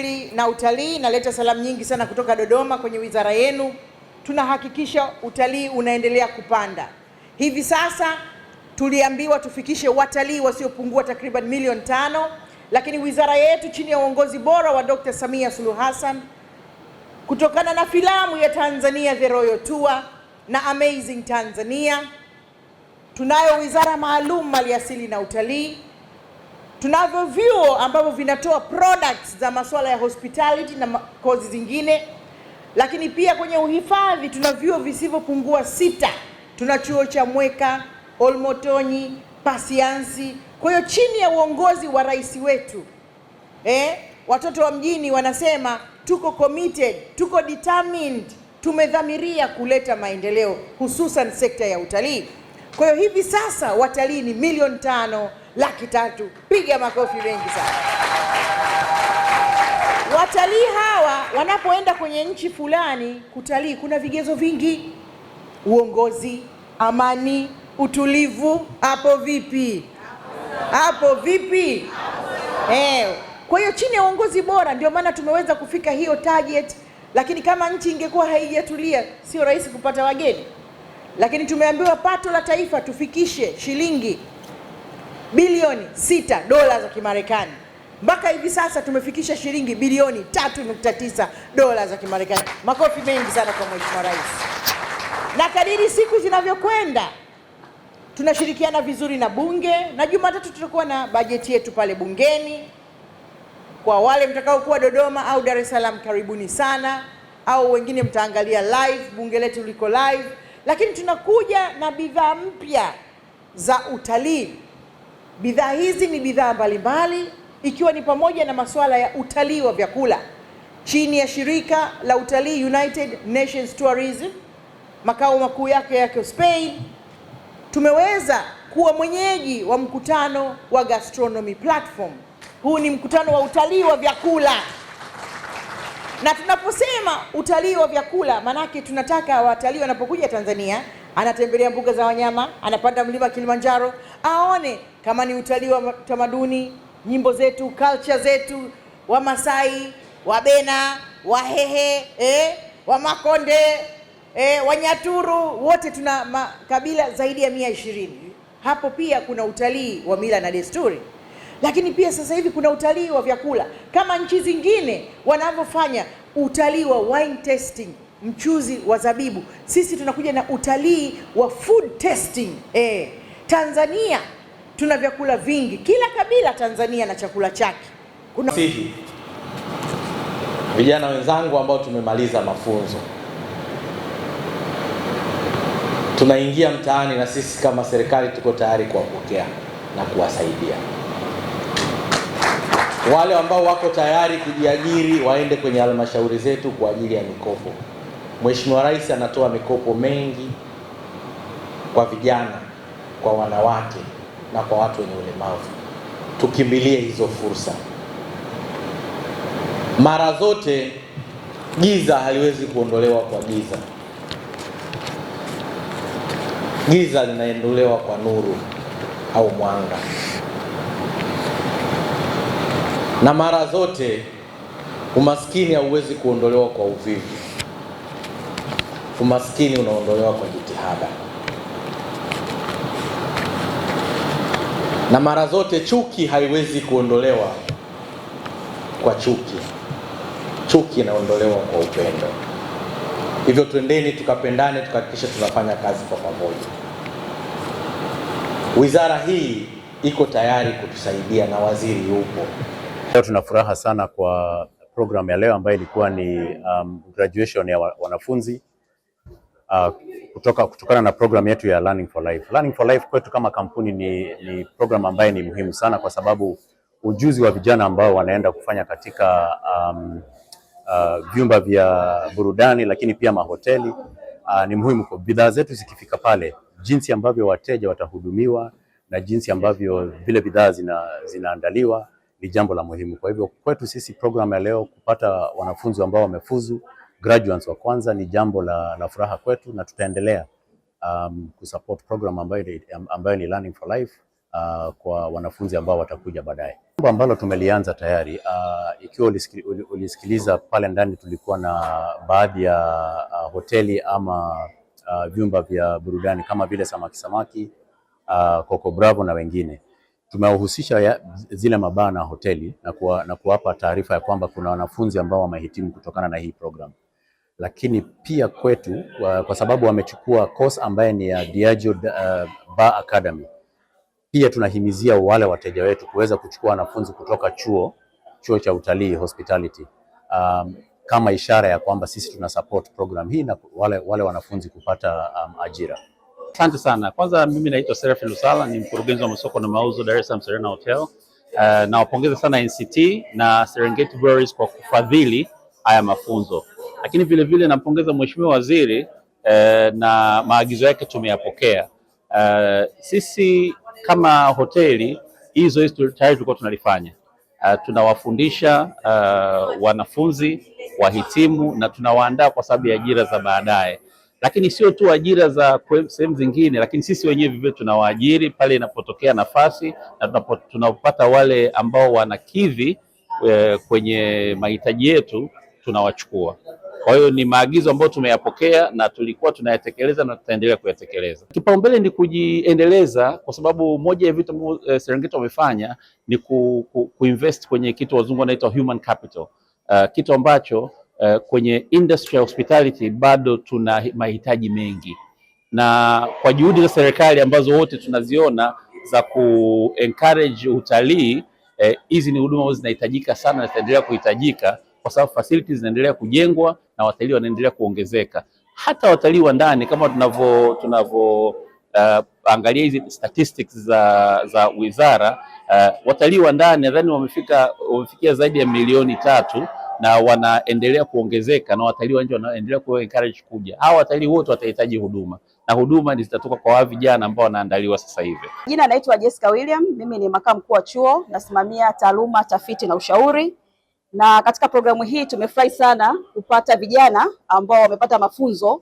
asili na utalii, naleta salamu nyingi sana kutoka Dodoma kwenye wizara yenu. Tunahakikisha utalii unaendelea kupanda. Hivi sasa tuliambiwa tufikishe watalii wasiopungua takriban milioni tano, lakini wizara yetu chini ya uongozi bora wa Dr. Samia Suluhu Hassan kutokana na filamu ya Tanzania The Royal Tour na Amazing Tanzania, tunayo wizara maalum maliasili na utalii tunavyo vyuo ambavyo vinatoa products za masuala ya hospitality na kozi zingine, lakini pia kwenye uhifadhi tuna vyuo visivyopungua sita. Tuna chuo cha Mweka, Olmotonyi, Pasiansi. Kwa hiyo chini ya uongozi wa rais wetu eh, watoto wa mjini wanasema tuko committed, tuko determined, tumedhamiria kuleta maendeleo hususan sekta ya utalii. Kwa hiyo hivi sasa watalii ni milioni tano laki tatu. Piga makofi mengi sana. Watalii hawa wanapoenda kwenye nchi fulani kutalii, kuna vigezo vingi: uongozi, amani, utulivu. Hapo vipi? Hapo vipi? Eh, kwa hiyo chini ya uongozi bora ndio maana tumeweza kufika hiyo target, lakini kama nchi ingekuwa haijatulia sio rahisi kupata wageni. Lakini tumeambiwa pato la taifa tufikishe shilingi bilioni 6 dola za Kimarekani. Mpaka hivi sasa tumefikisha shilingi bilioni 3.9 dola za Kimarekani. Makofi mengi sana kwa Mheshimiwa Rais. Na kadiri siku zinavyokwenda tunashirikiana vizuri na Bunge, na Jumatatu tutakuwa na bajeti yetu pale bungeni. Kwa wale mtakaokuwa Dodoma au Dar es Salaam, karibuni sana, au wengine mtaangalia live, bunge letu liko live, lakini tunakuja na bidhaa mpya za utalii Bidhaa hizi ni bidhaa mbalimbali ikiwa ni pamoja na masuala ya utalii wa vyakula chini ya shirika la utalii United Nations Tourism, makao makuu yake yako Spain. Tumeweza kuwa mwenyeji wa mkutano wa Gastronomy Platform. Huu ni mkutano wa utalii wa vyakula. Na tunaposema utalii wa vyakula, maanake tunataka watalii wanapokuja Tanzania, anatembelea mbuga za wanyama, anapanda mlima Kilimanjaro, aone kama ni utalii wa tamaduni, nyimbo zetu, culture zetu, Wamasai, Wabena, Wahehe, eh, Wamakonde, eh, Wanyaturu, wote tuna makabila zaidi ya mia ishirini. Hapo pia kuna utalii wa mila na desturi. Lakini pia sasa hivi kuna utalii wa vyakula kama nchi zingine wanavyofanya utalii wa wine testing, mchuzi wa zabibu. Sisi tunakuja na utalii wa food testing. Eh, Tanzania tuna vyakula vingi, kila kabila Tanzania na chakula chake. Kuna sihi vijana wenzangu ambao tumemaliza mafunzo tunaingia mtaani, na sisi kama serikali tuko tayari kuwapokea na kuwasaidia wale ambao wako tayari kujiajiri waende kwenye halmashauri zetu kwa ajili ya mikopo. Mheshimiwa Rais anatoa mikopo mengi kwa vijana, kwa wanawake na kwa watu wenye ulemavu. Tukimbilie hizo fursa. Mara zote giza haliwezi kuondolewa kwa giza, giza linaondolewa kwa nuru au mwanga. Na mara zote umaskini hauwezi kuondolewa kwa uvivu, umaskini unaondolewa kwa jitihada. Na mara zote chuki haiwezi kuondolewa kwa chuki, chuki inaondolewa kwa upendo. Hivyo twendeni tukapendane, tukahakikisha tunafanya kazi kwa pamoja. Wizara hii iko tayari kutusaidia na waziri yupo. Leo tuna furaha sana kwa program ya leo ambayo ilikuwa ni um, graduation ya wanafunzi uh, kutoka, kutokana na program yetu ya Learning for Life. Learning for Life kwetu kama kampuni ni, ni program ambayo ni muhimu sana kwa sababu ujuzi wa vijana ambao wanaenda kufanya katika um, uh, vyumba vya burudani lakini pia mahoteli uh, ni muhimu kwa bidhaa zetu zikifika pale, jinsi ambavyo wateja watahudumiwa na jinsi ambavyo vile bidhaa zina, zinaandaliwa ni jambo la muhimu. Kwa hivyo kwetu sisi program ya leo kupata wanafunzi ambao wamefuzu graduates wa kwanza ni jambo la, la furaha kwetu na tutaendelea um, kusupport program ambayo, ambayo ni Learning for Life uh, kwa wanafunzi ambao watakuja baadaye. Jambo ambalo tumelianza tayari uh, ikiwa ulisikiliza pale ndani tulikuwa na baadhi ya uh, hoteli ama uh, vyumba vya burudani kama vile Samaki Samaki uh, Coco Bravo na wengine tumewahusisha zile mabaa na hoteli na kuwa, na kuwapa taarifa ya kwamba kuna wanafunzi ambao wamehitimu kutokana na hii program, lakini pia kwetu kwa, kwa sababu wamechukua course ambaye ni ya Diageo uh, Bar Academy. Pia tunahimizia wale wateja wetu kuweza kuchukua wanafunzi kutoka chuo chuo cha utalii hospitality, um, kama ishara ya kwamba sisi tuna support program hii na wale, wale wanafunzi kupata um, ajira. Asante sana. Kwanza mimi naitwa Seraphin Lusala, ni mkurugenzi wa masoko na mauzo Dar es Salaam Serena Hotel. Uh, nawapongeza sana NCT na Serengeti Breweries kwa kufadhili haya mafunzo, lakini vilevile nampongeza Mheshimiwa Waziri uh, na maagizo yake tumeyapokea. Uh, sisi kama hoteli hii zoezi tayari tulikuwa tunalifanya. Uh, tunawafundisha uh, wanafunzi wahitimu na tunawaandaa kwa sababu ya ajira za baadaye lakini sio tu ajira za sehemu zingine, lakini sisi wenyewe vivyo tunawaajiri pale inapotokea nafasi na tunapata wale ambao wanakidhi e, kwenye mahitaji yetu tunawachukua. Kwa hiyo ni maagizo ambayo tumeyapokea na tulikuwa tunayatekeleza na tutaendelea kuyatekeleza. Kipaumbele ni kujiendeleza, kwa sababu moja ya vitu ambavyo e, Serengeti wamefanya ni ku, ku, kuinvest kwenye kitu wazungu wanaita human capital, uh, kitu ambacho uh, kwenye industry ya hospitality bado tuna mahitaji mengi, na kwa juhudi za serikali ambazo wote tunaziona za ku encourage utalii eh, hizi eh, ni huduma ambazo zinahitajika sana na zitaendelea kuhitajika kwa sababu facilities zinaendelea kujengwa na watalii wanaendelea kuongezeka. Hata watalii wa ndani kama tunavyo tunavyo uh, angalia hizi statistics za za wizara uh, watalii wa ndani nadhani wamefika wamefikia zaidi ya milioni tatu na wanaendelea kuongezeka na watalii wa nje wanaendelea ku encourage kuja. Hawa watalii wote watahitaji huduma na huduma zitatoka kwa vijana ambao wanaandaliwa sasa hivi. Jina naitwa Jessica William, mimi ni makamu mkuu wa chuo, nasimamia taaluma, tafiti na ushauri. Na katika programu hii tumefurahi sana kupata vijana ambao wamepata mafunzo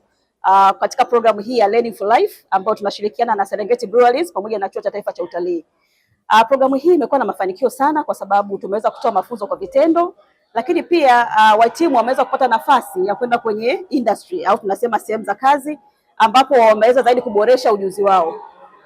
uh, katika programu hii ya Learning for Life ambayo tunashirikiana na Serengeti Breweries pamoja na Chuo cha Taifa cha Utalii. Uh, programu hii imekuwa na mafanikio sana kwa sababu tumeweza kutoa mafunzo kwa vitendo lakini pia uh, wahitimu wameweza kupata nafasi ya kwenda kwenye industry au tunasema sehemu za kazi ambapo wameweza zaidi kuboresha ujuzi wao.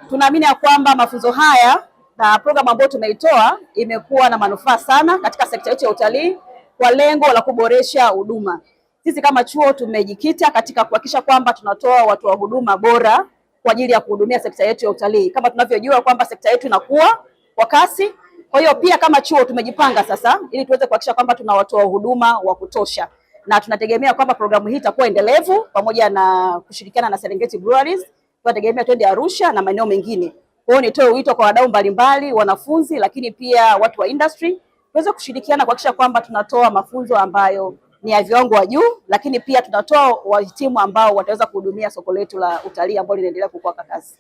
Tunaamini ya kwamba mafunzo haya na programu ambayo tumeitoa imekuwa na manufaa sana katika sekta yetu ya utalii kwa lengo la kuboresha huduma. Sisi kama chuo tumejikita katika kuhakikisha kwamba tunatoa watu wa huduma bora kwa ajili ya kuhudumia sekta yetu ya utalii. Kama tunavyojua kwamba sekta yetu inakuwa kwa kasi, kwa hiyo pia kama chuo tumejipanga sasa ili tuweze kuhakikisha kwamba tunawatoa huduma wa kutosha na tunategemea kwamba programu hii itakuwa endelevu pamoja na kushirikiana na Serengeti Breweries. Tunategemea twende Arusha na maeneo mengine. Kwa hiyo nitoe wito kwa wadau mbalimbali, wanafunzi, lakini pia watu wa industry tuweze kushirikiana kuhakikisha kwamba tunatoa mafunzo ambayo ni ya viwango wa juu, lakini pia tunatoa wahitimu ambao wataweza kuhudumia soko letu la utalii ambalo linaendelea kukua kwa kasi.